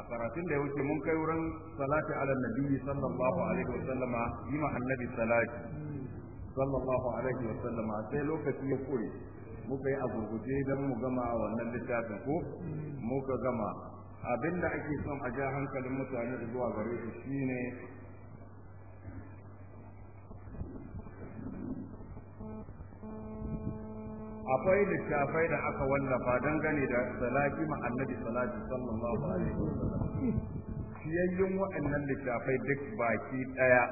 a karatun da ya wuce mun kai wurin salati ala nabi sallallahu alaihi wasallama yi ma annabi salati sallallahu alaihi wasallama sai lokaci ya kure muka yi a gurguje don mu gama wannan littafin ko muka gama abinda ake son a ja hankalin mutane zuwa gare shi shine akwai littafai da aka wallafa dangane da salati ma annabi salati sallallahu alaihi wasallam fiyayyun wa'annan littafai duk baki daya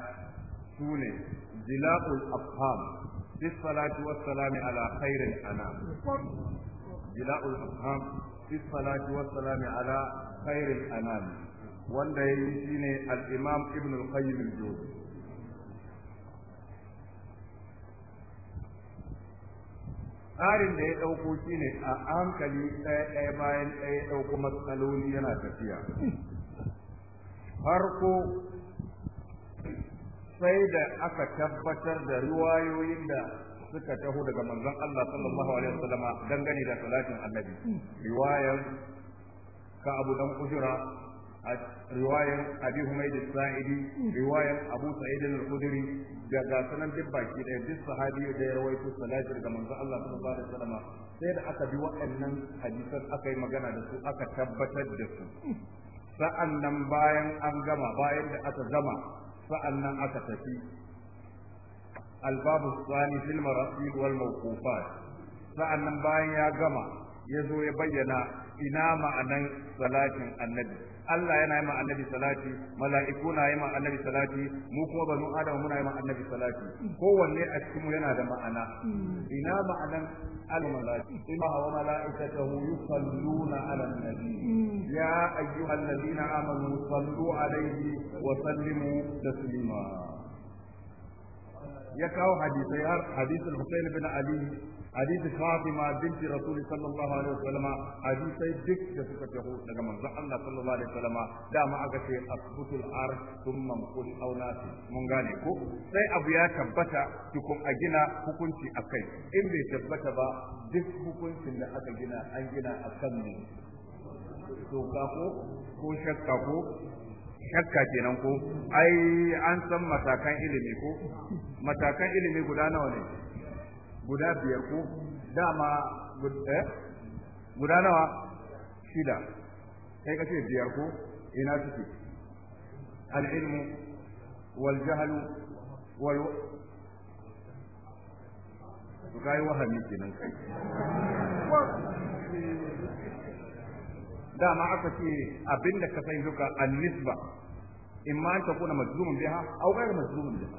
sune jila'ul afham bis salati was salam ala khairil anam afham bis was ala khairil anam wanda yayi shine al-imam ibn al-qayyim al tsarin da ya ɗauko shi ne a hankali ɗaya ɗaya bayan ɗaya ɗauko matsaloli yana tafiya farko sai da aka tabbatar da riwayoyin da suka taho daga manzon Allah sallallahu alaihi dangane da salatin annabi riwayar ka abu dan ujra riwayar abi humayd saidi riwayar abu sa'id al-khudri da ga sanan duk baki ɗaya duk sahabi da ya rawaito salati ga manzo Allah sallallahu alaihi wasallam sai da aka bi waɗannan hadisan aka yi magana da su aka tabbatar da su sa'an nan bayan an gama bayan da aka gama sa'an nan aka tafi albabu tsani fil marasil wal mawqufat sa'an nan bayan ya gama ya zo ya bayyana ina ma'anan salatin annabi Allah yana yi ma annabi salati mala'iku na yi ma annabi salati mu kuma banu adam muna yi ma annabi salati kowanne a cikin mu yana da ma'ana ina ma'anan al-malaki inna wa mala'ikatahu yusalluna 'ala an-nabi ya ayyuhallazina amanu sallu 'alayhi wa sallimu taslima ya kawo hadisai har hadisul Husayn bin Ali حديث فاطمة بنت رسول صلى الله عليه وسلم حديث دك تسكته لما الله صلى الله عليه وسلم دام أكشي أثبت الأرض ثم نقول أو ناسي من غانيكو سي أبو يا تبتا تكون أجنا hukunci a kai in bai tabbata ba duk hukuncin da aka gina an gina a ko shakka shakka kenan ko ai an san matakan ilimi ko matakan ilimi guda nawa ne guda biyar ko dama eh? guda nawa shida kai kace biyar ko ina suke al-ilmu wal jahlu wal to kai wahami kenan kai dama aka ce abinda ka sai duka an-nisba imma an takuna majzumun biha aw ghayr majzumun biha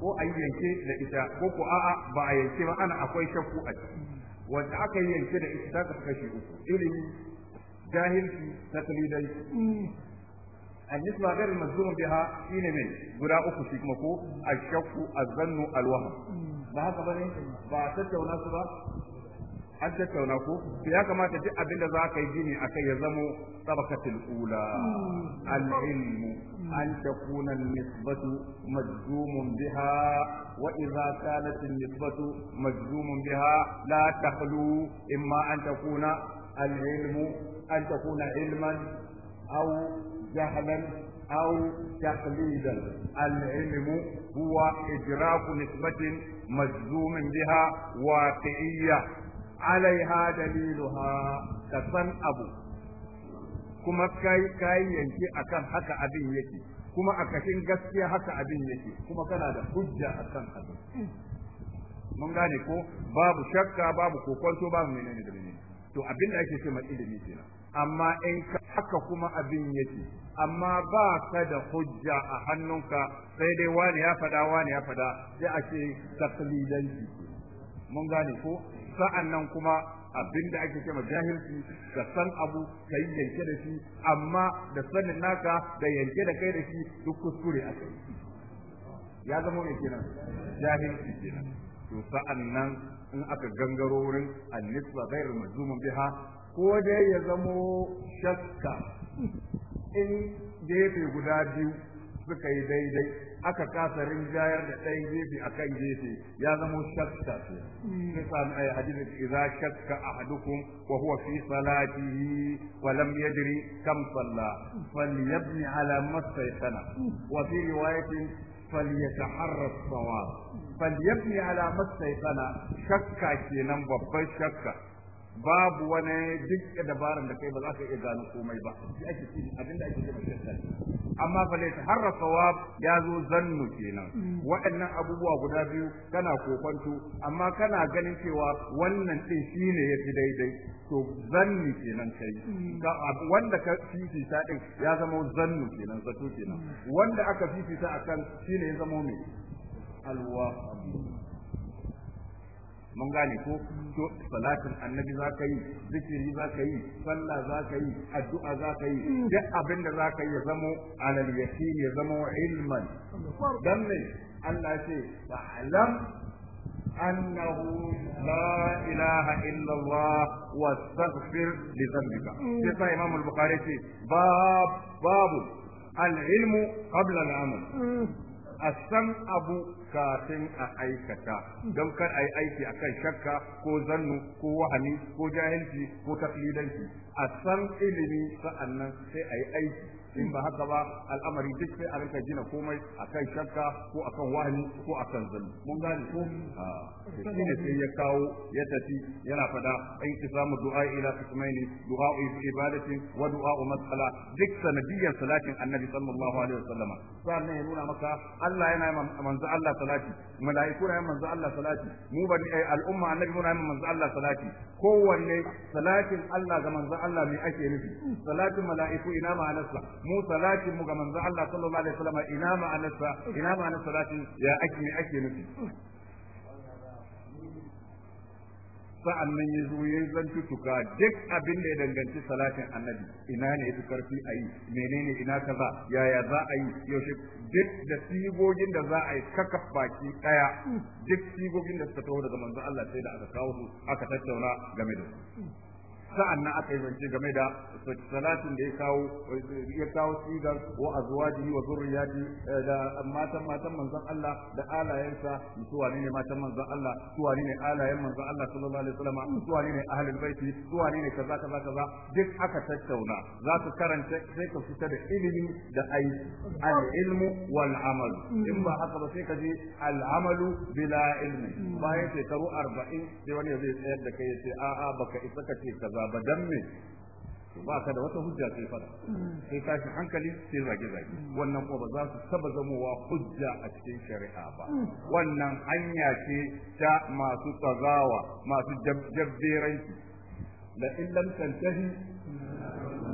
ko a yanke da ita ko ko a'a ba a yanke ba ana akwai shakku a ciki wanda aka yanke da ita ta kashi uku ilimi jahilci taklidai النسبة غير المجزوم biha شيني mai guda uku shi kuma ko ashakku azannu alwahm ba haka bane ba tattauna su ba an tattauna ko ya kamata duk abinda za ka yi gini akai ya zamo sabakatul ula hmm. al-ilmu أن تكون النسبة مجزوم بها وإذا كانت النسبة مجزوم بها لا تخلو إما أن تكون العلم أن تكون علما أو جهلا أو تقليدا العلم هو إدراك نسبة مجزوم بها واقعية عليها دليلها كصن أبو kuma kai kai yanke akan haka abin yake kuma a kashin gaskiya haka abin yake kuma kana da hujja akan abin mun gane ko babu shakka babu kokonto babu menene da menene to abin da ake cewa ilimi kenan amma in ka haka kuma abin yake amma ba ka da hujja a hannunka sai dai wani ya fada wani ya fada sai a ce taklidanci mun gane ko sa'annan kuma abin da ake cewa jahilci ka san abu ka yi yanke da shi amma da sanin naka da yanke da kai da shi duk kuskure a kai ya zama mai kenan jahilci kenan to sa'an nan in aka gangaro wurin annisba ghairu majzumun biha ko dai ya zamo shakka in gefe guda biyu suka yi daidai aka kasa rinjayar da ɗayan gefe a kan gefe ya zama shakka Ya sai sa ai hadisi idza shakka ahadukum wa huwa fi salatihi wa lam yadri kam salla falyabni ala mastayqana wa fi riwayatin falyataharra as-sawab falyabni ala mastayqana shakka kenan babban shakka babu wani duk dabaran da kai ba za ka iya gano komai ba shi ake ci abinda ake shi shirka amma fa laysa harra sawab ya zo zannu kenan mm. waɗannan abubuwa guda biyu kana kokonto amma kana ganin cewa wannan din shine yafi daidai to zanni kenan kai mm. wanda ka fifita din ya zama zannu kenan zato kenan mm. wanda aka fifita akan shine ya zama mai alwa mun gane ko salatin annabi za ka yi zikiri za ka yi sallah za ka yi addu'a za ka yi hmm. duk abin da za ka yi ya zamo alal yaqin ya zama ilman dan ne Allah ce fa'lam أنه لا إله إلا الله واستغفر لذنبك سيطة إمام البخاري باب باب العلم قبل العمل السمع abu. kafin a aikata don kar a yi aiki a kan shakka ko zannu ko wahani ko jahilci ko taklidanci a san ilimi sa'annan sai a yi aiki in ba haka ba al'amari duk sai a rika gina komai akan shakka ko akan wani ko akan zalmi mun gane ko ah, shi ne sai ya kawo ya tafi yana fada ai isamu du'a ila ismaili du'a ibadati wa du'a mas'ala duk sanadiyar salatin annabi sallallahu alaihi wasallam sannan ya nuna maka Allah yana manzo Allah salati mala'iku na manzo Allah salati mu bani eh, al'umma annabi muna manzo Allah salati kowanne salatin Allah ga manzo Allah me ake nufi salatin mala'iku ina ma'anarsa mu salatin mu ga manzo Allah sallallahu alaihi wasallam ina ma'anarsa ina ma'anar salatin ya ake ake nufi sa'an nan ya zo ya tuka duk abin da ya danganci salatin annabi ina ne yafi karfi a yi menene ina kaza yaya za a yi yaushe duk da sigogin da za a yi kaka baki daya duk sigogin da suka taho daga manzo Allah sai da aka kawo su aka tattauna game da su sa'an nan aka yi zance game da salatin da ya kawo ya kawo sigar wa azwajihi wa zurriyati eh, da matan matan manzon Allah da alayensa su wane ne matan manzon Allah su wane ne alayen manzon Allah sallallahu alaihi wasallam su wane ne ahlul baiti su wane ne kaza kaza kaza duk aka tattauna za ka karanta sai ka fita da ilimi da aiki al ilmu wal amal in ba haka ba sai ka je al amalu bila ilmi bayan shekaru 40 sai wani zai tsayar da kai ya ce a'a baka isa ka ce kaza ba dan me ba ka da wata hujja sai fada sai tashi hankali sai zage zage wannan ko ba za su taba zamowa hujja a cikin shari'a ba wannan hanya ce ta masu tazawa masu jabberanci la illam tantahi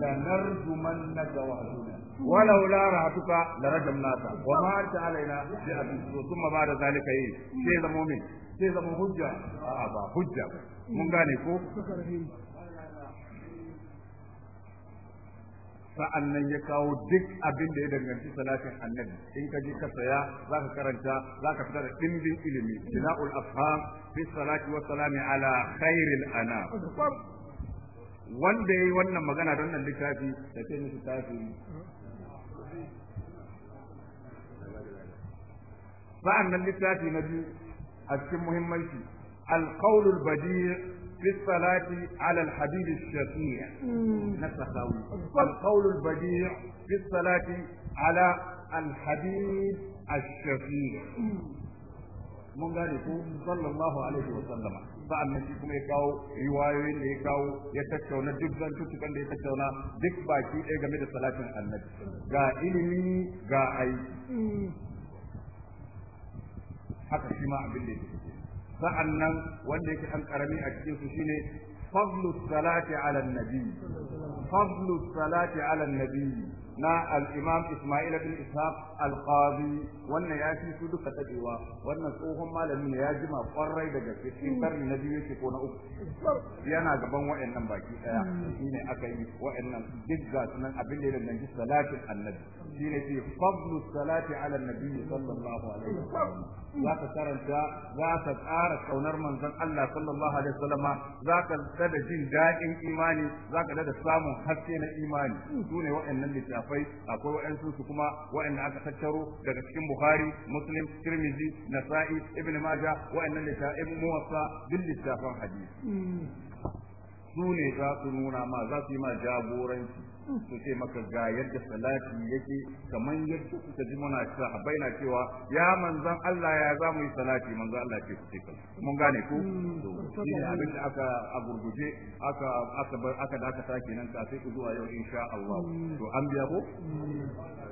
la narjumannaka wa ولولا رهتك لرجمناك وما انت علينا بأبيك ثم بعد ذلك ايه sai zamo min sai zamo hujja a ba hujja mun gane ko sa'an nan ya kawo duk abin da ya danganci salatin annabi in ka ji ka saya za ka karanta za ka fita da ɗimbin ilimi jina'ul ul’afham fi salati wa salami ala khairil ana wanda ya yi wannan magana don nan littafi da ce musu tafi sa'an nan littafi na biyu a cikin muhimmanci alkaulul badi' في الصلاة على الحبيب الشفيع نفس قول البديع في الصلاة على الحبيب الشفيع mun gane صلى الله عليه وسلم sallama sa'an nan shi kuma ya kawo riwayoyin da ya kawo ya tattauna duk zantuttukan da ya tattauna duk baki ɗaya game da salatin annabi ga ilimi ga aiki haka shi ma abin da ya nan wanda yake ɗan ƙarami a cikin su shine fadlu salati ala nabi fadlu salati ala nabi na al-imam Ismail bin Ishaq al-Qadi wannan ya fi su duka tadewa wannan tsohon malami ne ya jima kwarai daga gaske cikin karni na biyu yake ko na uku yana gaban waɗannan baki daya ne aka yi waɗannan duk ga sunan abin da ya danganci salatin annabi shine fi fadlu salati ala annabi sallallahu alaihi wasallam za ka karanta za ka tsara kaunar manzon Allah sallallahu alaihi wasallam za ka tsada jin daɗin imani za ka da samun haske na imani Su sune waɗannan littafai littattafai akwai waɗansu su kuma waɗanda aka tattaro daga cikin Buhari, Muslim Tirmidhi Nasa'i Ibn Majah wa'annan littattafai muwassa duk littafan hadisi hmm. su ne za su nuna ma za su yi ma jagoranci su ce maka ga yadda salati yake kamar yadda kuka ji muna a baina cewa ya manzan Allah ya za mu yi salati manzan Allah ce ka kan mun gane ko hmm. shi ne abin da aka agurguje aka aka aka nan kenan sai zuwa yau insha Allah hmm. to an biya ko hmm.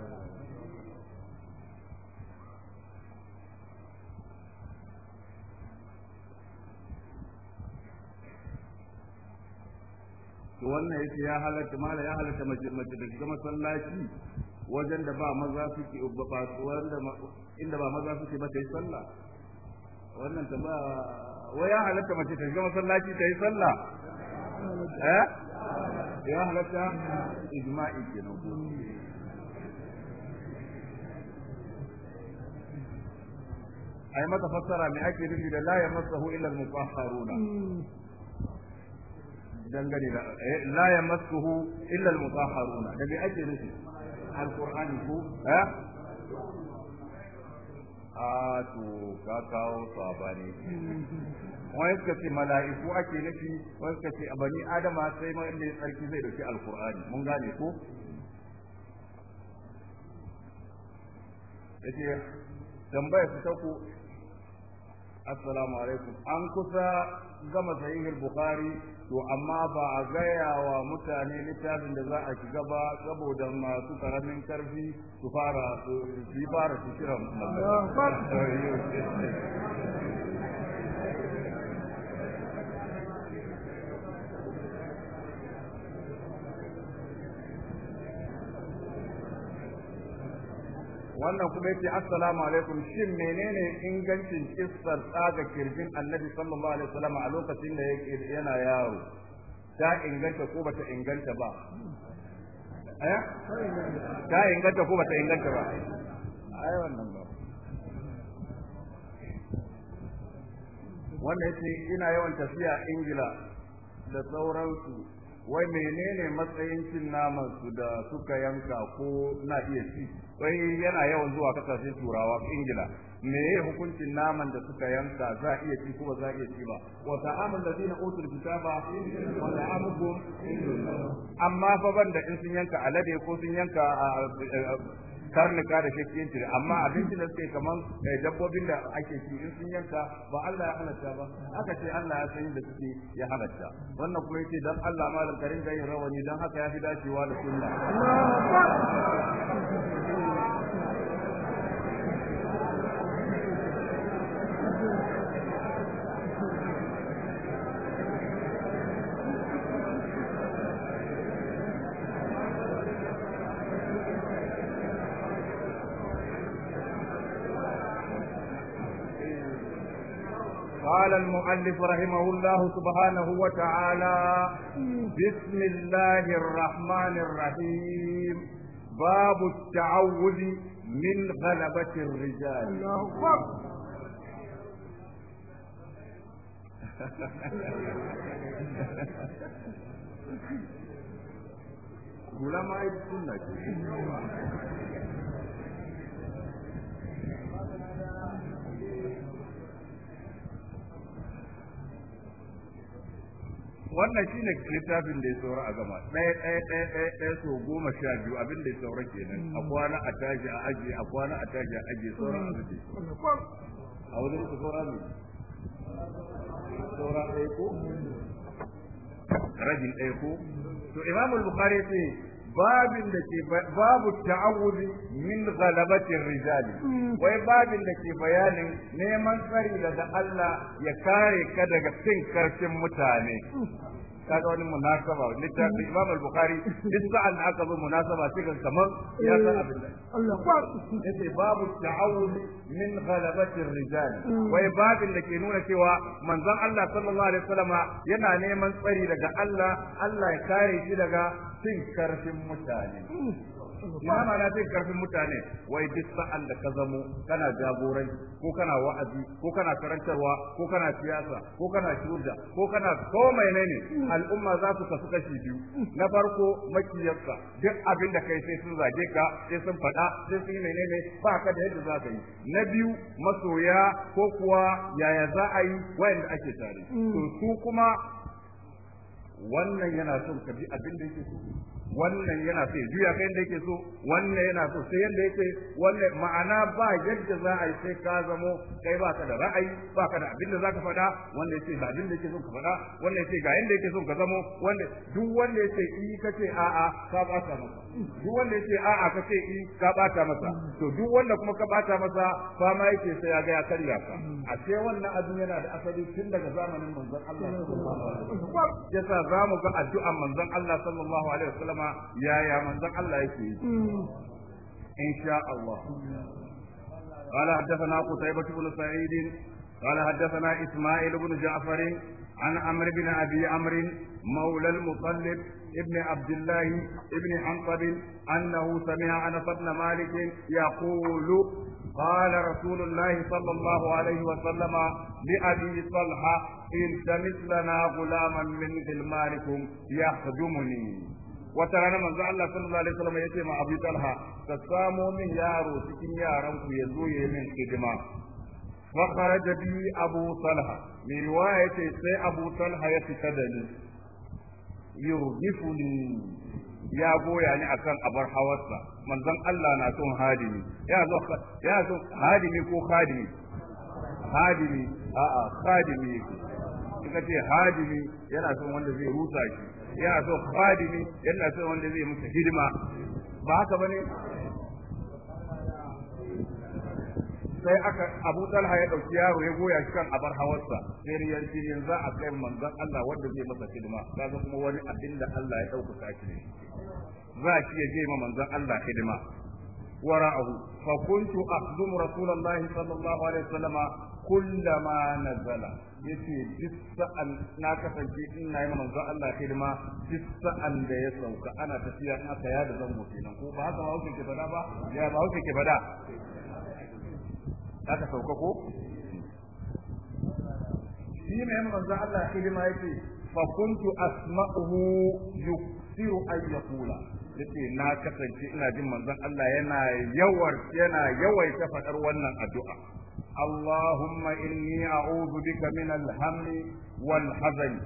to wannan yake ya halatta mala ya halatta mace da shiga masallaci wajen da ba maza suke ba wanda inda ba maza suke ba ta yi sallah wannan ta ba wai ya halatta mace ta masallaci ta yi sallah eh ya halatta ijma'i kenan ai mata fassara me ake nufi da la yamassahu illa al-mutahharuna hmm. dangane da eh, la yamassuhu illa al-mutahharuna da bi ake nufi al-qur'ani ko eh a to ka kawo sabani wai suka ce mala'iku ake nufi wai suka ce bani adama sai mai inda tsarki zai dauki al-qur'ani mun gane ko yace tambaya ta tako assalamu alaikum an kusa gama sahihul bukhari to amma ba a gaya wa mutane littafin da za a shiga ba saboda masu karamin karfi su fara su fara su kiran wannan kuma yace assalamu alaikum shin menene ingancin kissar tsaga kirjin annabi sallallahu alaihi wasallam a lokacin da yake yana yaro ta inganta ko bata inganta ba aya eh? ta inganta ko bata inganta ba ai wannan ba wannan yace ina yawan tafiya ingila da sauransu wai menene matsayin cin naman su da suka yanka ko na iya ci sai yana yawan zuwa kasashen turawa ingila me ya hukuncin naman da suka yanka za iya ci kuma za iya ci ba wa ta'amul ladina utul kitaba wa ta'amukum amma fa banda in sun yanka alade ko sun yanka karnuka da shakkiyanci amma abincin da suke kaman eh, dabbobin da ake ci in sun yanka ba Allah ya halatta ba aka ce Allah ya san da suke ya halatta wannan kuma yace dan Allah malam karin gayin rawani dan haka ya fi dacewa da sunna قال المؤلف رحمه الله سبحانه وتعالى بسم الله الرحمن الرحيم باب التعوذ من غلبة الرجال الله أكبر علماء السنة wannan shine littafin da ya saura a gama ɗaya ɗaya ɗaya ɗaya ɗaya so goma sha biyu abin da ya saura kenan a kwana a tashi a ajiye a kwana a tashi a ajiye saura a a wajen su saura ne saura ɗaya ko ɗaya ko to imamul bukhari sai babin da ke babu ta'awudi min ghalabatir rijali mm. wai babin da ke bayanin neman tsari daga Allah ya kare ka daga cin karfin mutane mm. kaga wani munasaba littafin mm. Imam al-Bukhari duk sa'an da aka zo munasaba sai kamar ya san eh, abin da Allah yace babu ta'awud min ghalabati ar-rijal mm. wai babin da ke nuna cewa manzon Allah sallallahu alaihi wasallama yana neman tsari daga Allah Allah ya kare shi daga cin karfin mutane mm. ina na karfin mutane wai duk sa'an da ka zamo kana jagoranci ko kana wa'azi ko kana karantarwa ko kana siyasa ko kana shurda ko kana ko mai ne al'umma za su kasu kashi biyu na farko makiyarka duk abin da kai sai sun zage ka sai sun faɗa sai sun yi menene ba ka da yadda za ka yi na biyu masoya ko kuwa yaya za a yi wayanda ake tare to su kuma wannan yana son ka bi abin da yake so wannan yana so juya kai yadda yake so wannan yana so sai yadda yake wannan ma'ana ba yadda za a yi sai ka zamo kai ba ka da ra'ayi ba ka da abin da za ka faɗa wanda yake ga abin da yake so ka faɗa wanda yake ga yadda yake so ka zamo wanda duk wanda yake i kace a'a ka bata masa duk wanda yake a'a kace i ka bata masa to duk wanda kuma ka bata masa fama yake sai ya ga ya karya ka a ce wannan abin yana da asali tun daga zamanin manzon Allah sallallahu alaihi wasallam yasa zamu ga addu'an manzon Allah sallallahu alaihi wasallam wasallama yaya manzon Allah yake yi insha Allah قال حدثنا قتيبة بن سعيد قال حدثنا إسماعيل بن جعفر عن عمرو بن أبي عمرو مولى المطلب ابن عبد الله ابن حنطب أنه سمع أنس بن مالك يقول قال رسول الله صلى الله عليه وسلم لأبي طلحة التمس لنا غلاما من غلمانكم يخدمني wata rana manzo Allah sallallahu alaihi wasallam yace ma Abu Talha ka samo min yaro cikin yaran ku ya zo ya min hidima fa kharaja bi Abu Talha mi riwaya yace sai Abu Talha ya fita da ni yurdifuni ya goya ni akan abar hawarsa manzon Allah na son hadimi ya zo ya zo hadimi ko khadimi hadimi a'a khadimi kika ce hadimi yana son wanda zai rusa shi yana son khadimi yana so wanda zai masa hidima ba haka bane sai aka Abu Talha ya dauki yaro ya goya shi kan abar hawarsa sai riyar shi za a kai manzon Allah wanda zai masa hidima kaga kuma wani abin da Allah ya dauka shi ne za shi ya je ma manzon Allah hidima Wara abu, أخدم رسول الله sallallahu alaihi عليه وسلم kullama nazala yace duk sa'an na kasance ina yi manzo Allah hidima duk sa'an da ya sauka ana tafiya in aka yada zango kenan ko ba haka hauke ke fada ba ya ba hauke ke fada ka sauka ko shi mai manzo Allah hidima yake fa kuntu asma'uhu yuksiru an yaqula yace na kasance ina jin manzon Allah yana yawar yana yawaita fadar wannan addu'a اللهم إني أعوذ بك من الهم والحزن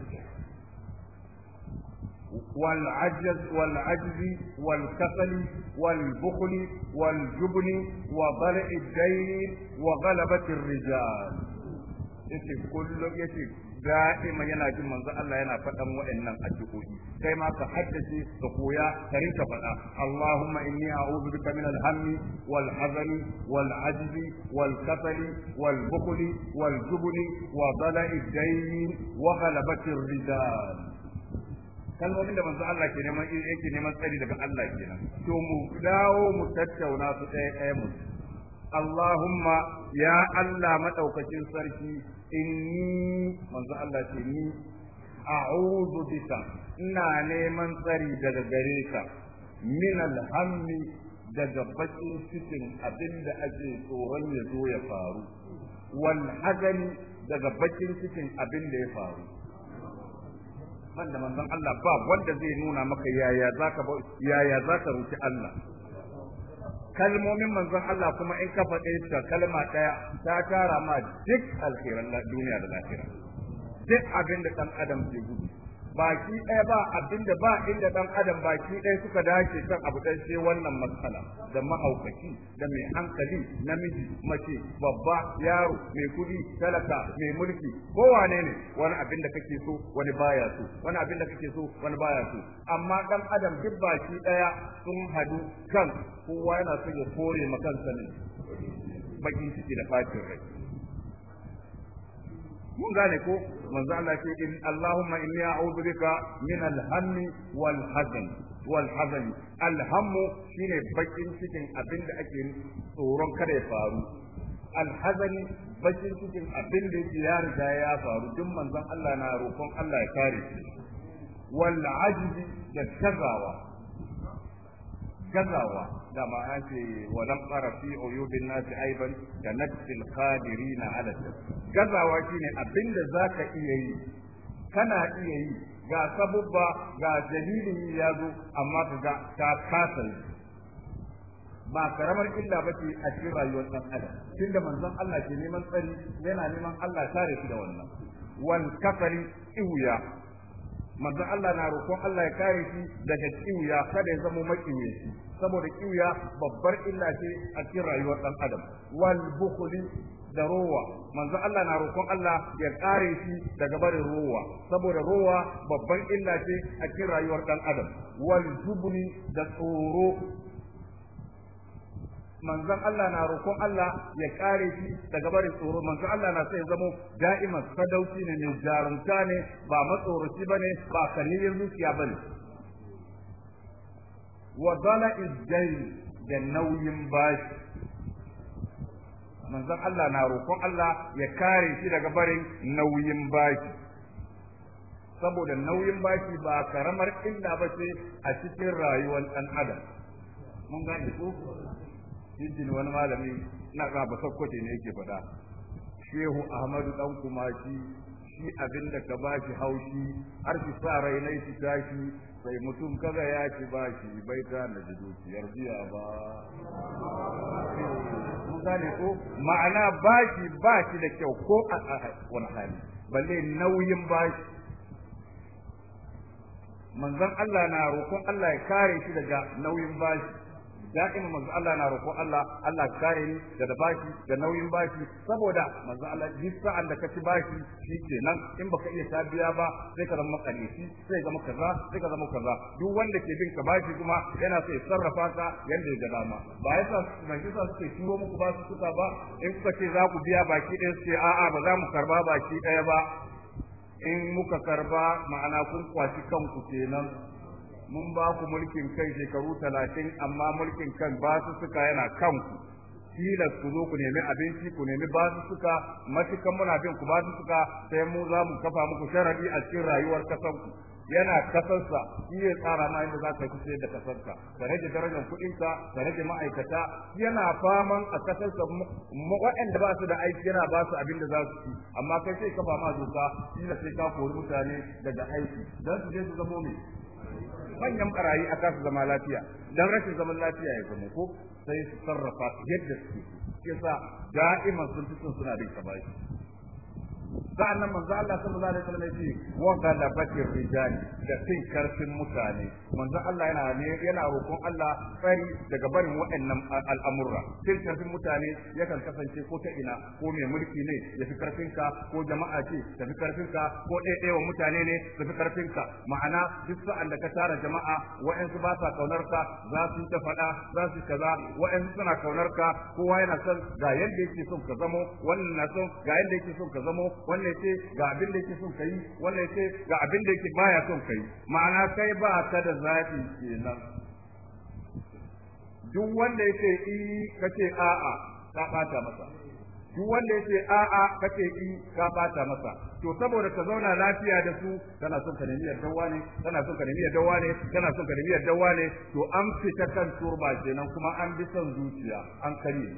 والعجز والعجز والكسل والبخل والجبن وضلع الدين وغلبة الرجال. يتي كله يتي da'iman yana jin manzo Allah yana faɗan waɗannan addu'o'i kai ma ka haddace ka koya ka rinka faɗa Allahumma inni a'udhu bika min al-hammi wal hazani wal ajzi wal kasali wal bukhli wal jubni wa dala'i dayn wa ghalabati ar kalmomin da manzo Allah ke neman yake neman tsari daga Allah kenan to mu dawo mu tattauna su ɗaya ɗaya mu Allahumma ya Allah madaukakin sarki inni manzo Allah ce ni a'udhu bisa, ina neman tsari daga gare ka min alhammi daga bakin cikin abin abinda ake tsoron ya zo ya faru wal hazani daga bakin cikin abin da ya faru banda manzon Allah ba wanda zai nuna maka yaya zaka yaya zaka ruki Allah kalmomin manzon Allah kuma in ka faɗe ta kalma ɗaya ta tara ma duk alkhairan duniya da lahira duk abin da ɗan adam ke gudu baki ɗaya ba abinda ba inda ɗan adam baki ɗaya suka dace kan abu ɗan sai wannan matsala da mahaukaci da mai hankali namiji mace babba yaro mai kuɗi talaka mai mulki ko wane ne wani abin da kake so wani baya so wani abin da kake so wani baya so amma ɗan adam duk baki ɗaya sun hadu kan kowa yana son ya kore ma kansa ne bakin ciki da fatin rai mun gane ko manzo Allah ce in Allahumma inni a'udhu bika min al-hammi wal hazan wal hazan al-hammu shine bakin cikin abinda ake tsoron kada ya faru al bakin cikin abinda ya riga ya faru duk manzon Allah na roƙon Allah ya kare shi wal ajzi da tazawa gazawa da an ce wa lam tsara fi uyubin nas aiban da nafsil qadirina ala gazawa shine abinda zaka iya yi kana iya yi ga sabubba ga dalilin ya zo amma ga ta kasa ba karamar illa ba ce a cikin rayuwar ɗan adam tunda manzon Allah ke neman tsari yana neman Allah tare shi da wannan wal kafari ihuya manzon Allah na roƙon Allah ya kare shi daga kiwuya kada ya zama makiyaci saboda kiwuya babbar illa ce a cikin rayuwar ɗan adam wal bukhli da rowa manzo Allah na roƙon Allah ya kare shi daga barin rowa saboda rowa babbar illa ce a cikin rayuwar ɗan adam wal jubni da tsoro manzon Allah na roƙon Allah ya kare shi daga barin tsoro manzon Allah na sai zamo da'ima sadauci ne mai jarumta ne ba matsoroci bane ba kaniyin zuciya bane wa dala izjari da nauyin bashi manzon Allah na roƙon Allah ya kare shi daga barin nauyin bashi saboda nauyin bashi ba karamar illa ba ce a cikin rayuwar ɗan adam mun gane ko jinjin wani malami na ga sokoti ne yake faɗa shehu ahmadu dan kuma shi abin da ka bashi haushi har ki sa rainai shi tashi sai mutum kaga ya ci bashi bai ta na ji dukiyar jiya ba mun ko ma'ana bashi bashi da kyau ko a wani hali balle nauyin bashi manzan Allah na roƙon Allah ya kare shi daga nauyin bashi da'ima manzo Allah na roƙo Allah Allah kare ni daga bashi da nauyin bashi saboda manzo Allah duk sa'an da ka ci bashi kenan, in baka iya ta biya ba sai ka zama kalifi sai zama kaza sai ka zama kaza duk wanda ke bin ka bashi kuma yana sai sarrafa ka yanda ya dama ba yasa mai yasa suke turo muku ba su suka ba in kuka ce za ku biya baki ɗaya su ce a'a ba za mu karba baki ɗaya ba in muka karba ma'ana kun kwashi kanku kenan mun ba ku mulkin kai shekaru talatin amma mulkin kan ba su suka yana kanku tilas ku zo ku nemi abinci ku nemi ba su suka matukan muna bin ku ba su suka sai mu za mu kafa muku sharadi a cikin rayuwar ku yana kasarsa shi ya tsara ma inda za ka kusa da kasarka ka rage darajar kuɗinka ka rage ma'aikata yana faman a kasarsa waɗanda ba su da aiki yana ba su abin da za su ci amma kai sai kafa ma doka shi sai ka kori mutane daga aiki don su je su zamo mai manyan barayi a kasu zama lafiya dan rashin zaman lafiya ya zama ko sai su sarrafa yadda suke yasa da'iman sun fi suna bin kabashi nan manzo Allah sallallahu alaihi wasallam yace wa galabatir rijali da cin karfin mutane manzo Allah yana ne yana roƙon Allah tsari daga barin waɗannan al'amurra cin karfin mutane yakan kasance ko ta ina ko mai mulki ne ya fi karfin ka ko jama'a ce ta fi karfin ka ko ɗaiɗaiwa mutane ne ta fi karfin ka ma'ana duk sa'an da ka tara jama'a waɗansu ba sa kaunar ka za su ta faɗa za su kaza waɗansu suna kaunar ka kowa yana son ga yanda yake son ka zamo wannan na son ga yake son ka zamo wannan yace ga abin da yake son kai wannan yace ga abin da yake baya son kai ma'ana kai ba ka da zafi kenan duk wanda yace i kace a'a ka bata masa duk wanda yace a'a kace i ka bata masa to saboda ka zauna lafiya da su kana son ka nemi dawa ne kana son ka nemi dawa ne kana son ka nemi dawa ne, to an fita kan turba kenan kuma an bi son zuciya an kare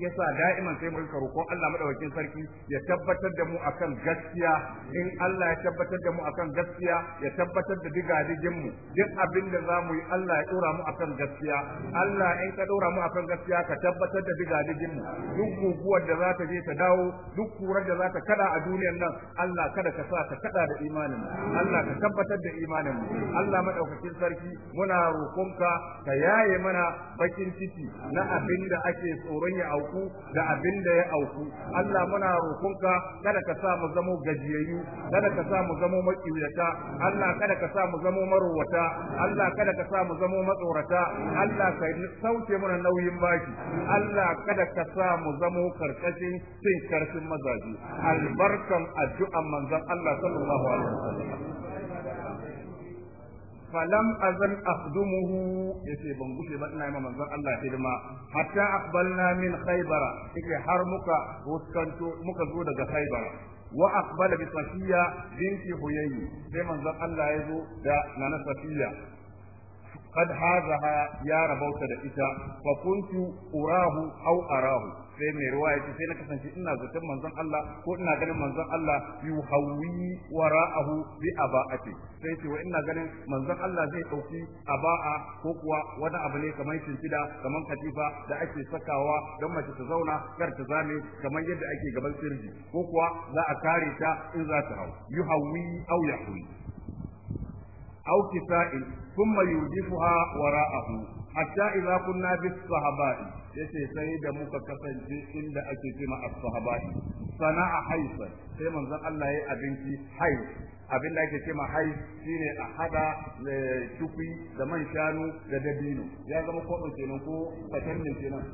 yasa da'iman sai mu rika roƙon Allah madaukakin sarki ya tabbatar da mu akan gaskiya in Allah ya tabbatar da mu akan gaskiya ya tabbatar da digadigin mu duk abin da za mu yi Allah ya dora mu akan gaskiya Allah in ka dora mu akan gaskiya ka tabbatar da digadigin mu duk guguwar da za ta je ta dawo duk kurar da za ta kada a duniyar nan Allah kada ka sa ta kada da imanin mu Allah ka tabbatar da imanin mu Allah madaukakin sarki muna roƙonka ka yaye mana bakin ciki na abin da ake tsoron ya auku auku da abin da ya auku Allah muna roƙonka kada ka sa mu zamo gajiyayyu kada ka sa mu zamo makiyata Allah kada ka sa mu zamo marowata Allah kada ka sa mu zamo matsorata Allah ka sauke mana nauyin baki Allah kada ka sa mu zamo karkashin cin karfin mazaji albarkan addu'an manzon Allah sallallahu alaihi wasallam falam azan akhdumuhu yace ban gushe ba ina ma manzon Allah hidima hatta aqbalna min khaybara yake har muka huskanto muka zo daga khaybara wa aqbala bi safiya binti huyayyi sai manzon Allah ya zo da nana safiya qad hazaha ya rabauta da ita fa kuntu urahu aw arahu sai mai ruwa ya ce sai na kasance ina zaton manzon Allah ko ina ganin manzon Allah yuhawwi wara'ahu bi aba'ati sai ce wa ina ganin manzon Allah zai dauki aba'a ko kuwa wani abu ne kamar shintida kamar katifa da ake sakawa don mace ta zauna kar ta zame kamar yadda ake gaban sirji ko kuwa za a kare ta in za ta hau yuhawwi aw yahwi aw kisa'in ثم يوجفها وراءه حتى إذا كنا بالصحباء yace sai da muka kasance inda ake kima as-sahabai sana'a haisa sai manzon Allah ya abinci hais abin da ake kima hais shine a hada eh, tukwi da man shanu da dabinu. ya zama ko kenan ko fatannin kenan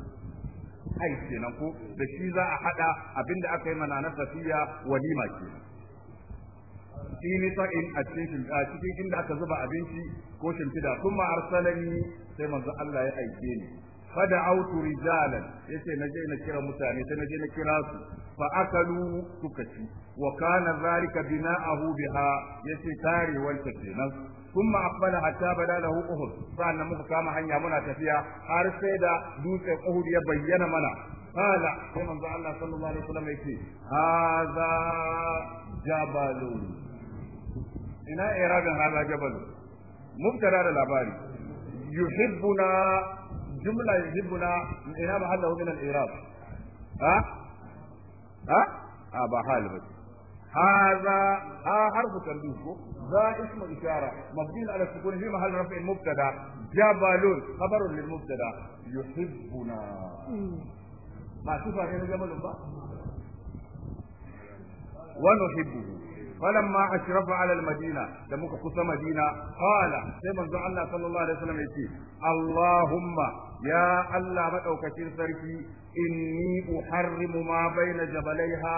hais kenan da shi za a haɗa abin da aka yi ma na safiya walima ini ta in a cikin a cikin inda aka zuba abinci ko shimfida kuma ma arsalani sai manzo Allah ya aike ni fada autu rijalan yace na je na kira mutane sai na je na kira su fa akalu suka wa kana zalika bina'ahu biha yace tare wanta kenan kuma aqbala hatta bada lahu uhud sannan muka kama hanya muna tafiya har sai da dutse uhud ya bayyana mana kala sai manzo Allah sallallahu alaihi wasallam yace hadha jabalun ina irabin hala jabal mubtada da labari yuhibbuna jumla yuhibbuna ina ba hala min al-irab ha ha a ba hal ba hadha ha harfu tanbih ko za ismu ishara mabdil ala sukun fi mahall rafi mubtada jabalun khabarun lil mubtada yuhibbuna ma hmm. sufa ga jabalun ba wa nuhibbuhu falamma ashrafa ala almadina da muka kusa madina qala sai manzo Allah sallallahu alaihi wasallam yace Allahumma ya Allah madaukakin sarki inni uharrimu ma baina jabalaiha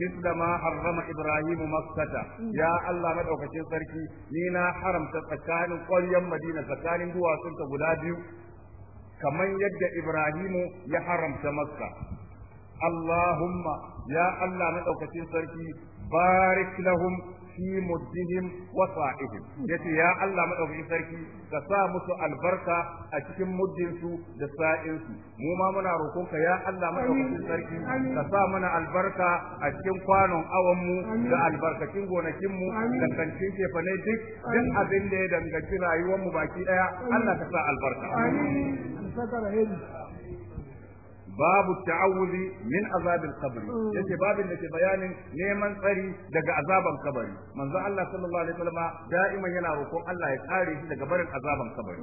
mithla ma harrama ibrahim makkata ya Allah madaukakin sarki ni na haramta tsakanin ƙwaryan madina tsakanin duwatsun ta guda biyu kamar yadda ibrahimu ya haramta makka Allahumma ya Allah ɗaukacin sarki barik lahum fi muddihim wa sa'ihim yace ya Allah madaukakin sarki ka sa musu albarka a cikin muddin su da sa'in su mu ma muna roƙon ka ya Allah madaukakin sarki ka sa mana albarka a cikin kwanon awan mu da albarkacin gonakin mu da kancin kefane duk duk abin da ya danganci rayuwar mu baki daya Allah ka sa albarka amin babu ta'awuzi min azabil qabri mm. yace babin da ke bayanin neman tsari daga azaban kabari manzo Allah sallallahu alaihi wasallam da'iman yana roƙon Allah ya kare shi daga barin azaban kabari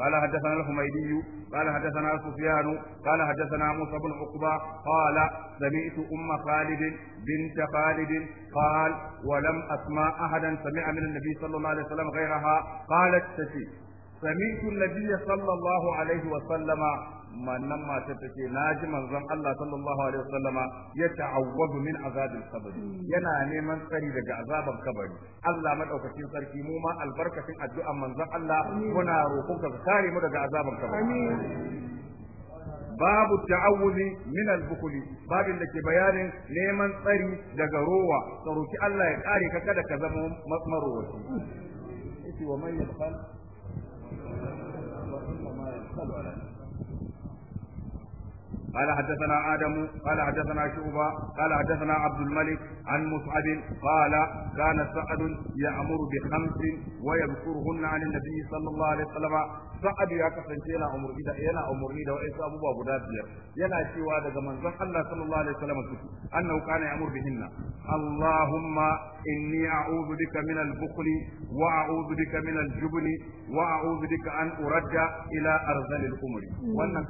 قال حدثنا الحميدي قال حدثنا سفيان قال حدثنا موسى بن عقبة قال سمعت أم خالد بنت خالد قال ولم أسمع أحدا سمع من النبي صلى الله عليه وسلم غيرها قالت تشي سمعت النبي صلى الله عليه وسلم wannan matar ta na ji manzon Allah sallallahu alaihi wasallama ya ta'awwadu min azabil qabr yana neman tsari daga azabar kabari Allah madaukakin sarki mu ma albarkacin addu'an manzon Allah muna roƙon ka kare mu daga azabar kabari babu ta'awuzi min al-bukhli babin da ke bayanin neman tsari daga rowa ka Allah ya kare ka kada ka zama marowaci قال حدثنا آدم قال حدثنا شعبة قال حدثنا عبد الملك عن مصعب قال كان سعد يأمر بخمس ويذكرهن عن النبي صلى الله عليه وسلم سعد يا كسنت ينا أمر إذا ينا أمر إذا وإيسا أبو أبو دابير ينا شوى دقا من الله صلى الله عليه وسلم سكي أنه كان يأمر بهن اللهم إني أعوذ بك من البخل وأعوذ بك من الجبن وأعوذ بك أن أرجع إلى أرذل الأمر وأن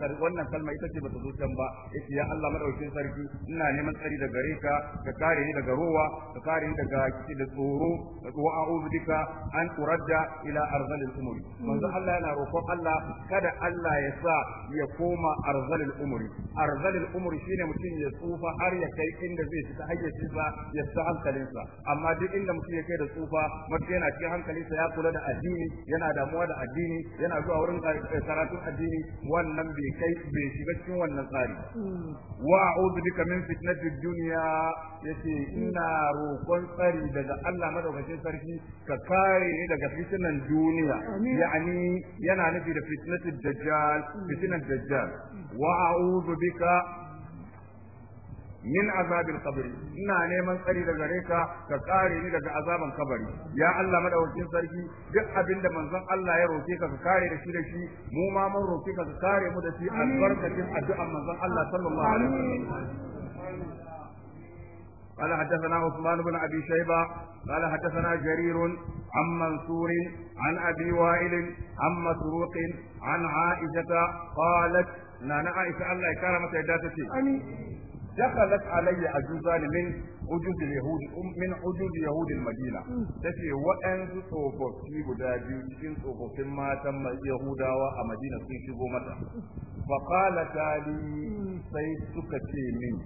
كلمة إتكي بتدوسها wancan ba yace ya Allah madaukakin sarki ina neman tsari da gare ka ka kare ni daga rowa ka kare ni daga kici da tsoro wa a'udhu bika an turadda ila arzalil umuri manzo Allah yana roƙon Allah kada Allah ya sa ya koma arzalil umuri arzalil umuri shine mutum ya tsufa har ya kai inda zai fita hayyacinsa ya sa hankalinsa amma duk inda mutum ya kai da tsufa mutum yana cikin hankalinsa ya kula da addini yana damuwa da addini yana zuwa wurin karatun addini wannan bai kai bai shiga cikin wannan alkhari hmm. wa a'udhu bika min fitnati dunya yace ina rokon tsari daga Allah madaukakin sarki ka kare ni daga fitnan duniya yani yana nufi da fitnatul dajjal fitnan dajjal wa a'udhu bika min azabil kabari ina neman tsari daga gare ka ka kare ni daga azaban kabari ya Allah madaukakin sarki duk abinda manzon Allah ya roke ka ka kare da shi da shi mu ma mun roke ka ka kare mu da shi albarkacin addu'an manzon Allah sallallahu alaihi wasallam قال حدثنا عثمان بن ابي شيبه قال حدثنا جرير عن منصور عن ابي وائل عن مسروق عن عائشه قالت نانا عائشه الله يكرمك يا دخلت علي عجوزان من عجوز اليهود من عجوز يهود المدينة تشي وأن تصوفي بدا بيوتين تصوفي ما تم يهودا ومدينة سيشبو متى فقال تالي سيسك من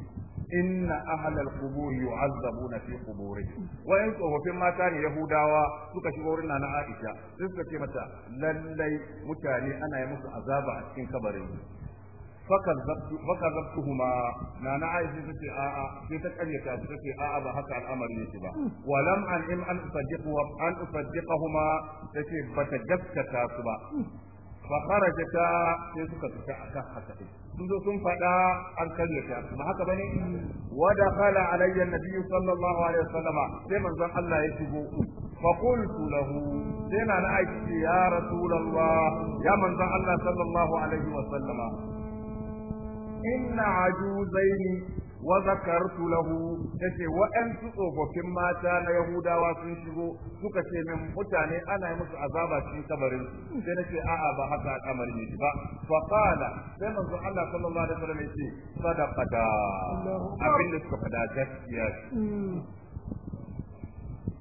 إن أهل القبور يعذبون في قبورهم وإن في ما كان يهودا وسكشبورنا أنا عائشة سيسك متى للي متاني أنا يمس عذاب عشين كبرين فكذبتهما نانا عائشة تتي an في تكألية تتي آآ بحق الأمر يتبع ولم أنعم أن Ba أن أصدقهما sai suka fita فخرجتا تسكت تأكحة sun zo sun faɗa an karyata ba haka bane wa dakhala alayya an sallallahu alaihi wasallama sai manzon Allah ya shigo fa qultu lahu sai na na aiki ya rasulullah ya manzon Allah sallallahu alaihi wasallama inna ajuzaini wa zakartu lahu tace wa'ansu tsofaffin mata na yahudawa sun shigo suka ce min mutane ana yi musu azaba cikin kabarin sai nace a'a ba haka al'amarin yake ba fa qala sai manzo Allah sallallahu alaihi wasallam yace sadaqata abinda suka fada gaskiya hmm.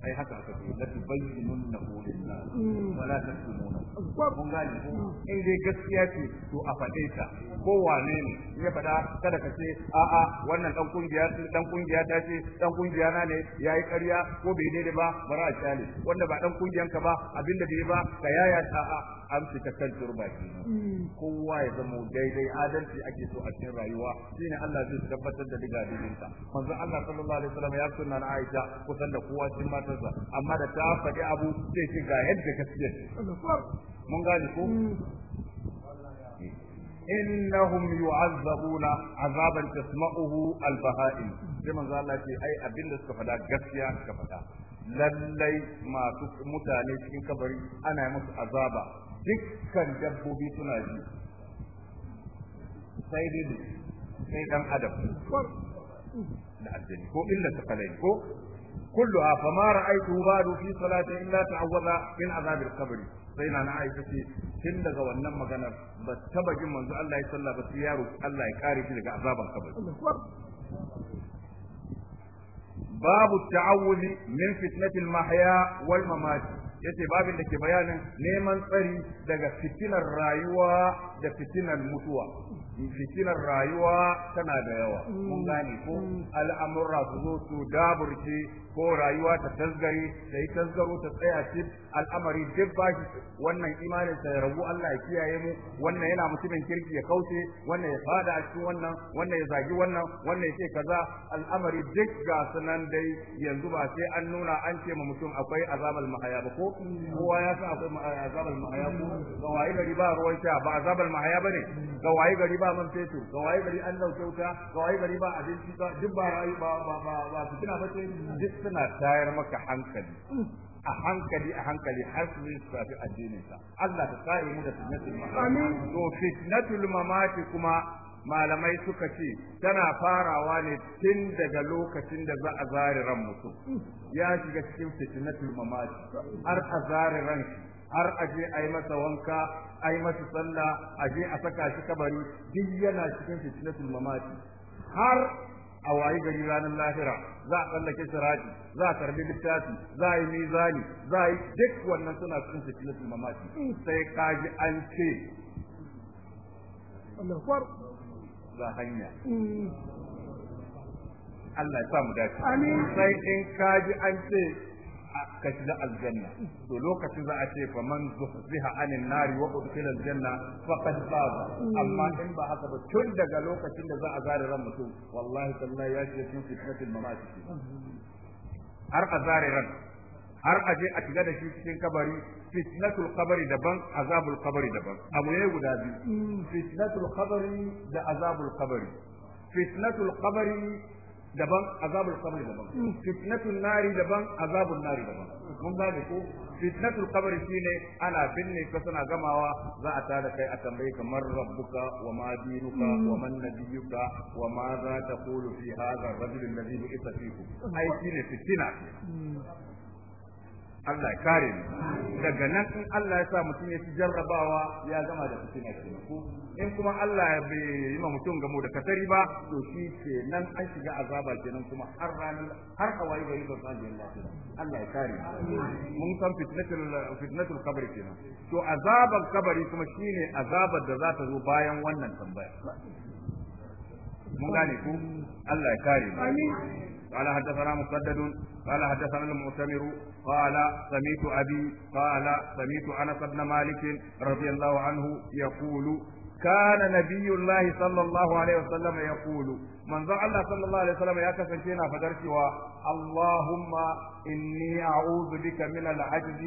ai haka aka ce la tubayyinunnahu lin-nas hmm. wa la taktumunhu mun gane mm. in dai gaskiya ce to a faɗe ta ko wane ne ya faɗa kada ka ce a'a wannan dan kungiya dan kungiya ta ce dan kungiya na ne yayi ƙarya ko bai daidai ba bara a kyale wanda ba dan kungiyan ka ba abinda bai ba ka yaya a an fita kan turba ke mm. kowa ya zama daidai adalci ake so a cikin rayuwa shine Allah zai tabbatar da diga diginsa manzo Allah sallallahu alaihi wasallam ya sunna na Aisha kusan da kowa cikin matarsa amma da ta faɗi abu sai ce ga yadda gaskiya mun gane ko hmm. innahum yu'azzabuna azaban tasma'uhu al-baha'im sai manzo Allah ce ai abinda suka fada gaskiya suka fada lallai masu mutane cikin kabari ana musu azaba dukkan dabbobi suna ji sai dai sai dan adam da addini ko illa takalai ko kulluha ma ra'aytu ba'du fi salati illa ta'awwadha min azabil qabri sai na na aisha ce tun daga wannan maganar ba taba jin manzo Allah ya sallah ba sai yaro Allah ya kare shi daga azaban kabari babu ta'awudi min fitnatil mahya wal mamat yace babin da ke bayanin neman tsari daga fitinar rayuwa da fitinar mutuwa fitinar rayuwa tana da yawa mun gane ko mm. al'amurra su zo su daburce ko rayuwa ta tasgare ta yi tasgaro ta tsaya cib al'amari duk bashi wannan imanin sa ya rabu Allah ya kiyaye mu wannan yana mutumin kirki ya kauce wannan ya fada a cikin wannan wannan ya zagi wannan wannan ya ce kaza al'amari duk ga sunan dai yanzu ba sai an nuna an ce ma mutum akwai azabal mahaya ba ko kowa ya san akwai eh, azabal mahaya ko ga wayi gari ba ruwan sha ba azabal mahaya ne? ga wayi gari ba man fetur ga wayi gari an dauke wuta ga wayi gari ba abinci duk ba ba ba ba fitina bace duk suna tayar maka hankali a hankali a hankali har su yi tafi addinin sa Allah ta tsare mu da fitnatul mamati to fitnatul mamati kuma malamai suka ce tana farawa ne tun daga lokacin da za a zare ran mutum ya shiga cikin fitnatul mamati har a zare ran shi har a je a yi masa wanka a yi masa sallah a je a saka shi kabari duk yana cikin fitnatul mamati har a wayi gari ranar lahira za a tsallake sirati za a karbi littafi za a yi mizani za a yi duk wannan suna cikin fitnatul mamaki sai kaji an ce za hanya mm. Allah ya sa mu dace sai in kaji an ce ka shiga aljanna to lokacin za a ce fa man zuhziha anin nari wa udkhila aljanna faqad faz amma in ba haka ba tun daga lokacin da za a zare ran mutum wallahi tallahi ya ce cikin fitnatul mamat har a zare ran har a je a shiga da shi cikin kabari fitnatul kabari daban azabul kabari daban abu ne guda biyu fitnatul kabari da azabul kabari fitnatul kabari daban azabul qabri daban hmm. fitnatul nari daban azabul nari daban mun gane ko fitnatul qabri shine ana binne ka suna gamawa za a tada kai a tambaye ka man rabbuka wa ma dinuka hmm. wa man nabiyuka wa ma za taqulu fi hadha ar-rajul alladhi bi'atha fikum ai shine fitina hmm. Allah ya kare ni daga nan in Allah ya sa mutum ya ci jarrabawa ya gama da fitina kenan ko in kuma Allah ya bai yi ma mutum gamo da katari ba to shi ke nan an shiga azaba kenan kuma har ranar har hawaye gari ba zai jin lafiya Allah ya kare mun san fitnatul fitnatul kabari kenan to azabar kabari kuma shine azabar da za ta zo bayan wannan tambaya mun gane ku Allah ya kare mu قال حدثنا مسدد قال حدثنا المعتمر قال سميت أبي قال سميت أنس بن مالك رضي الله عنه يقول كان نبي الله صلى الله عليه وسلم يقول من ذا الله صلى الله عليه وسلم يكفن فينا فدرسي اللهم إني أعوذ بك من العجز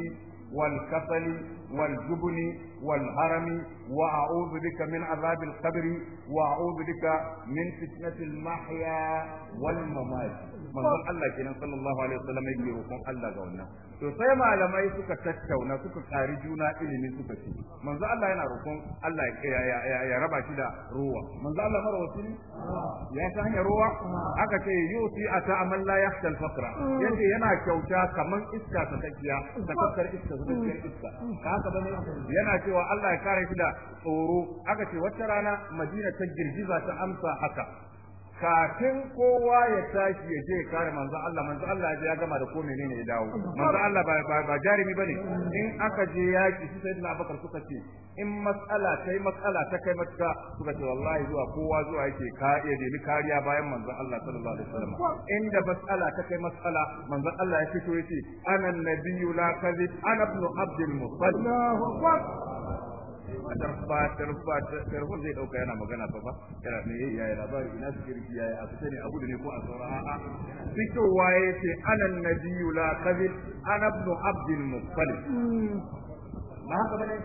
والكسل والجبن والهرم وأعوذ بك من عذاب القبر وأعوذ بك من فتنة المحيا والممات manzon Allah kenan sallallahu alaihi wasallam yake roƙon Allah ga wannan to sai malamai suka tattauna suka kari juna ilimi suka ce manzo Allah yana roƙon Allah ya raba shi da ruwa manzo Allah mara wasili ya ta hanyar ruwa aka ce yuti ata amal la yahsal faqra yace yana kyauta kaman iska ta takiya da kakar iska ta takiya iska haka bane yana cewa Allah ya kare shi da tsoro aka ce wata rana Madina ta girgiza ta amsa haka kafin kowa ya tashi ya je kare manzo Allah manzo Allah ya gama da ko menene ya dawo manzo Allah ba ba jarimi bane in aka je yaki sai na bakar suka ce in matsala kai mas'ala ta kai matka suka ce wallahi zuwa kowa zuwa yake ka ya nemi kariya bayan manzo Allah sallallahu alaihi wasallam inda matsala ta kai matsala manzo Allah ya fito yace ana nabiyyu la kadhib ana ibn abdul muttalib tarfa tarfa tarfon zai dauka yana magana fa ba yana ne yayi labari ina sikirki yayi a fita ne a ne ko a saura a'a fitowa yace anan nabiyyu la kadhib ana ibn abdul muttalib ba haka bane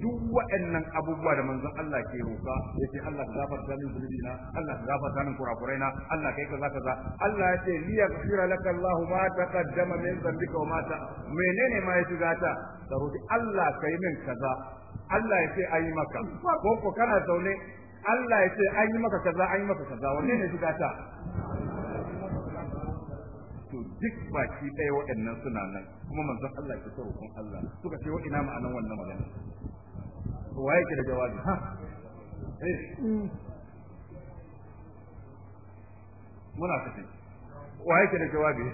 duk waɗannan abubuwa da manzon Allah ke roka yace Allah ka gafarta min zunubina Allah ka gafarta min kurakuraina Allah kai kaza kaza Allah yace li yaghfira laka Allah ma taqaddama min dhanbika wa ma ta menene ma ya shiga ta ka Allah kai min kaza Allah ya ce an yi maka ko ko kana zaune Allah ya ce an yi maka kaza an yi maka kaza wanne ne shiga ta to duk baki ɗaya waɗannan suna nan kuma manzon Allah ya ta roƙon Allah suka ce wa ina ma'anan wannan magana waye ke da jawabi ha eh. muna kace waye ke da jawabi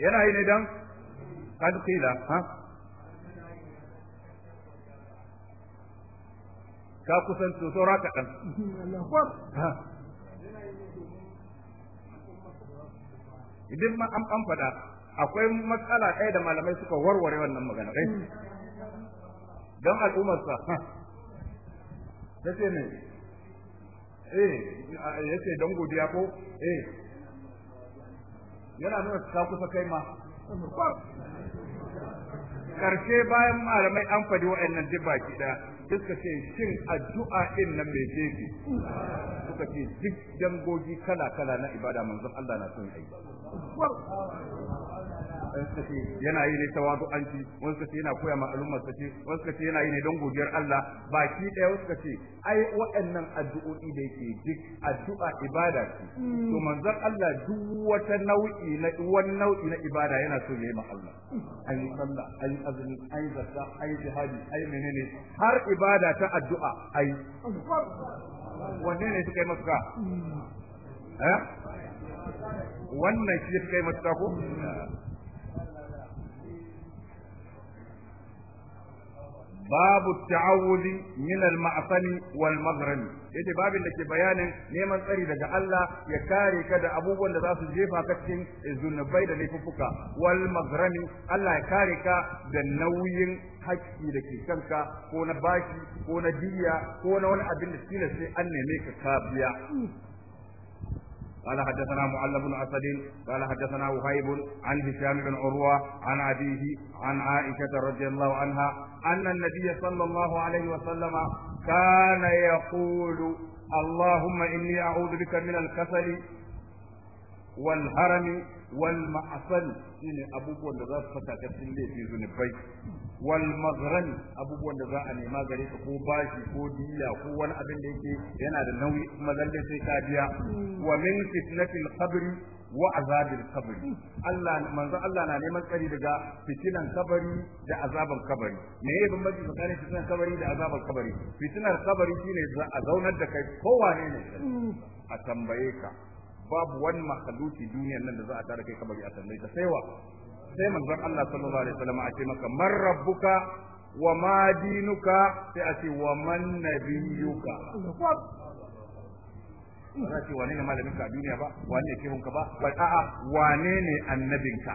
yana yi ne dan kad ha ka kusan to saura dan idan ma an an fada akwai matsala ɗaya da malamai suka warware wannan magana ɗai hmm. don al'ummar sa, ce ne eh ya ce don godiya ko eh yana nuna ka kusa kai ma karshe bayan malamai an faɗi wa'annan duk baki ɗaya suka ce shin addu'a din nan mai jefi suka ce duk dangogi kala kala na ibada manzon Allah na son yi wani suka yana yi ne tawadu'anci wani suka yana koya ma al'ummar sa ce wani suka yana yi ne don godiyar Allah baki ɗaya suka ce ai waɗannan addu'o'i da yake duk addu'a ibada ce hmm. to manzon Allah duk wata nau'i na wani nau'i na ibada yana so ya yi ma Allah ai sallah ai azumi ai zakka ai jihadi ai menene har ibada ta addu'a ai wanne ne suka yi masa hmm. eh? wannan shi suka kai masa ko babu ta'awudi min al-ma'sani wal yace babin da ke bayanin neman tsari daga Allah ya kare ka da abubuwan da za su jefa ka cikin zunubai da laifuffuka wal maghrami Allah ya kare ka da nauyin hakki da ke kanka ko na bashi ko na diya ko na wani abin da tilas sai an neme ka kafiya قال حدثنا معل بن اسد قال حدثنا وهيب عن هشام بن عروه عن ابيه عن عائشه رضي الله عنها ان النبي صلى الله عليه وسلم كان يقول اللهم اني اعوذ بك من الكسل والهرم wal ma'asani shine abubuwan da za su fata ka cikin laifin zunubai wal maghrani abubuwan da za a nema gare ka ko bashi ko diyya ko wani abin da yake yana da nauyi kuma lalle sai ka biya hmm. wa min fitnatil qabri wa azabil qabri Allah manzo Allah na neman tsari daga fitinan kabari da azaban kabari me yake bambanci tsakanin fitinan kabari da azaban kabari fitinar kabari shine a zaunar da kai kowane ne hmm. a tambaye ka babu wani makhluki duniyar nan da za a tare kai kamar ya tambaye ta sai sai manzon Allah sallallahu alaihi wasallam a ce maka man rabbuka wa ma dinuka sai a ce wa man nabiyuka ba ce wane ne malamin ka a duniya ba wane ne kihun ka ba ba a'a wane ne annabinka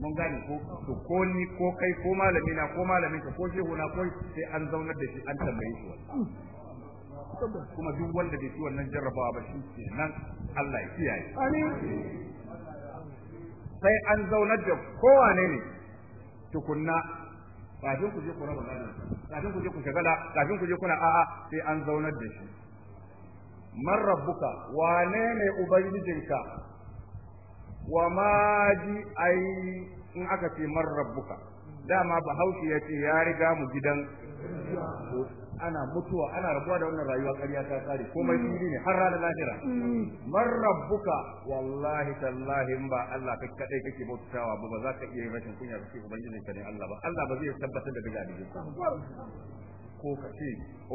mun gane ko to ko ni ko kai ko malamina ko malamin ka ko shehu na ko sai an zaunar da shi an tambaye shi kuma duk wanda bai ci wannan jarrabawa ba shi ke nan, Allah ya kiyaye sai an zaunar da kowa ne tukunna kafin ku je ku raba gado kafin ku je ku shagala kafin ku je kuna a'a sai an zaunar da shi man rabbuka wane ne ubangijinka wa ma ji ai in aka ce man rabbuka dama bahaushe ya ce ya riga mu gidan ana mutuwa ana rabuwa da wannan rayuwa ƙarya ta kare komai mm. fili ne har ranar lahira mm. man rabbuka wallahi tallahi ba Allah kai kadai kake bautawa ba ba za ka iya rashin kunya kake ubangijin ka ne Allah ba Allah ba zai tabbatar da daga dijin ko ka ce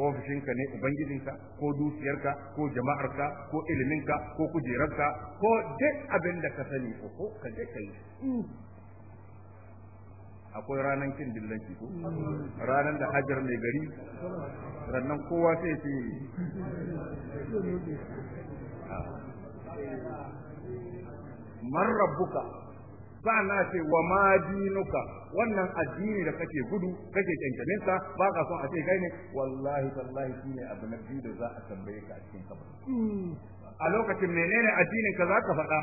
ofishinka ne ubangijinka ko dukiyarka ko jama'arka ko iliminka ko kujerarka ko duk abin da ka sani ko ka je ka yi mm. akwai ranar kin dillanci ko ranar da hajar mai gari rannan kowa sai ce ah. man rabbuka na ce wa ma dinuka wannan addini da kake gudu kake kyankyanin sa ba ka son a ce kai ne wallahi tallahi shine abu na biyu da za a tambaye ka a cikin kabari a lokacin menene addinin ka za ka faɗa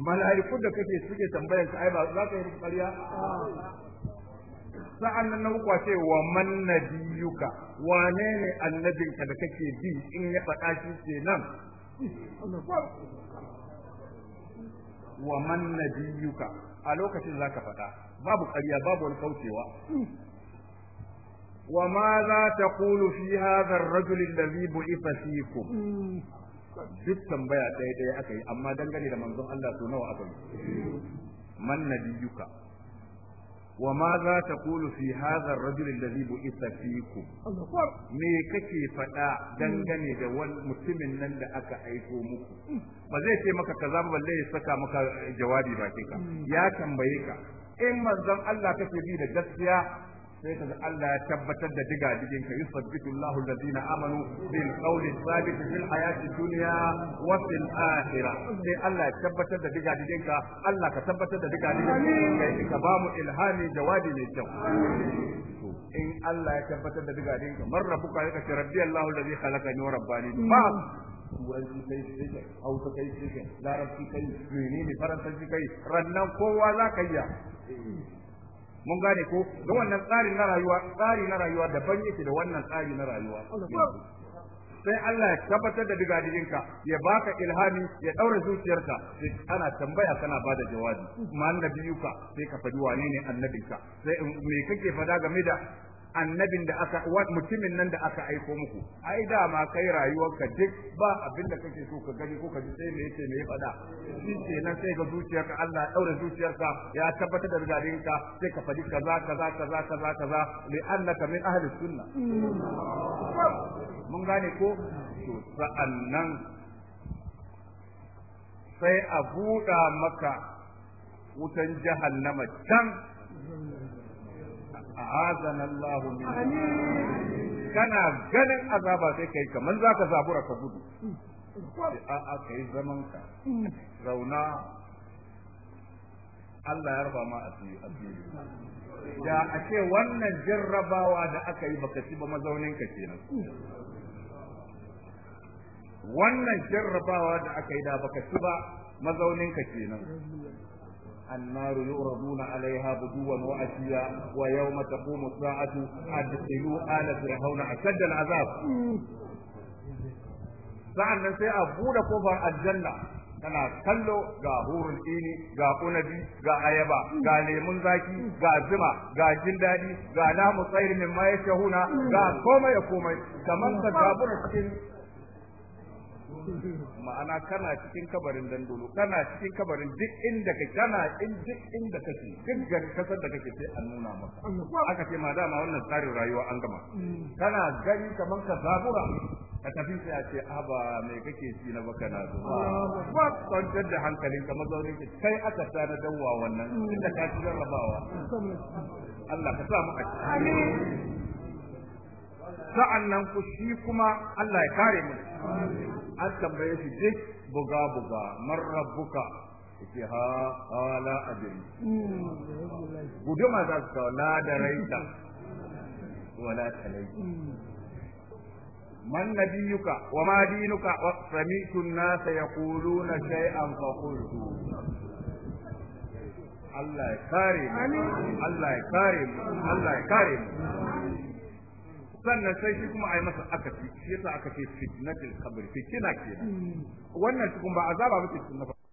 malaiku da kake suke tambayar su ai ba za ka yi ƙarya sa'an nan na uku ce wa man nabiyuka wane ne annabinka da kake bi in ya faɗa shi kenan wa man nabiyuka a lokacin za ka faɗa babu ƙarya babu wani kaucewa wa ma za ta kulu fi hadha ar-rajul alladhi bu'itha fikum duk tambaya ɗaya ɗaya aka yi amma dangane da manzon Allah so nawa aka yi man nabiyuka wa ma za ta kulu fi hadha ar-rajul alladhi bu'itha fikum me kake faɗa dangane da wal mutumin nan da aka aiko muku ba zai ce maka kaza ba balle ya saka maka jawabi ba ka ya tambaye ka in manzon Allah kake bi da gaskiya sai kaga Allah ya tabbatar da diga digin ka yusabbitu Allahu alladhina amanu bil qawli thabit fil hayati dunya wa fil akhirah sai Allah ya tabbatar da diga digin ka Allah ka tabbatar da diga digin kai ka ba mu ilhami jawabi mai kyau in Allah ya tabbatar da diga digin ka marrabuka ya ce rabbi Allahu allazi khalaqani wa rabbani ba turanci kai shi hausa kai shi larabci kai menene faransanci kai rannan kowa za ka yi mun gane ko ga wannan tsari na rayuwa tsari na rayuwa daban yake da wannan tsari na rayuwa sai Allah ya tabbatar da digadinka ya baka ilhami ya daura zuciyarka sai kana tambaya kana bada jawabi kuma annabiyuka sai ka fadi wane ne annabinka sai me kake fada game da annabin da aka mutumin nan da aka aiko muku ai da ma kai rayuwarka duk ba abin da kake so ka gani ko ka ji sai me yake me faɗa shi kenan sai ga zuciyarka Allah ya daura zuciyarka ya tabbatar da rigadinka sai ka faɗi kaza kaza kaza kaza kaza li annaka min ahli sunna mun gane ko to sa'annan sai a buɗa maka wutan jahannama can a'azana Allah min kana ganin azaba sai kai kaman zaka zabura ka gudu a a kai zaman ka zauna Allah ya raba ma asiri asiri da a ce wannan jarrabawa da aka yi baka ci ba mazaunin ka kenan wannan jarrabawa da aka yi da baka ci ba mazaunin ka kenan النار يعرضون عليها غدوا وعشيا ويوم تقوم الساعة أدخلوا a فرعون أشد العذاب sa'an nan sai a buɗe kofar aljanna tana kallo ga hurul ini ga kunabi ga ayaba ga lemun zaki ga zuma ga jin daɗi ga namu tsayir min ma yashahuna ga komai da komai kamar ka gabu cikin ma'ana kana cikin kabarin dandolo kana cikin kabarin duk inda kake kana in duk inda kake duk gari kasar da kake sai an nuna maka aka ce ma dama wannan tsarin rayuwa an gama kana gani kaman ka zabura ka tafi sai a ce aba ah, mai kake ci na baka na zuwa ba kwantar da hankalin ka mazaunin ka kai aka tsara dawwa wannan inda ka ci rabawa Allah ka sa mu a cikin sa'an nan ku shi kuma Allah ya kare mu an tambaye shi duk buga-buga mar rabbuka ke ha hala ajiri gudu ma za su la da raita wala talai man na biyuka wa ma dinuka wa samitun nasa ya kulu na shay'an fa kultu Allah ya kare mu Allah ya kare mu Allah ya kare mu sannan sai shi kuma a yi masa akasi shi yasa aka ce fitnatul qabr fitina kenan hmm. wannan cikin ba azaba ba ce na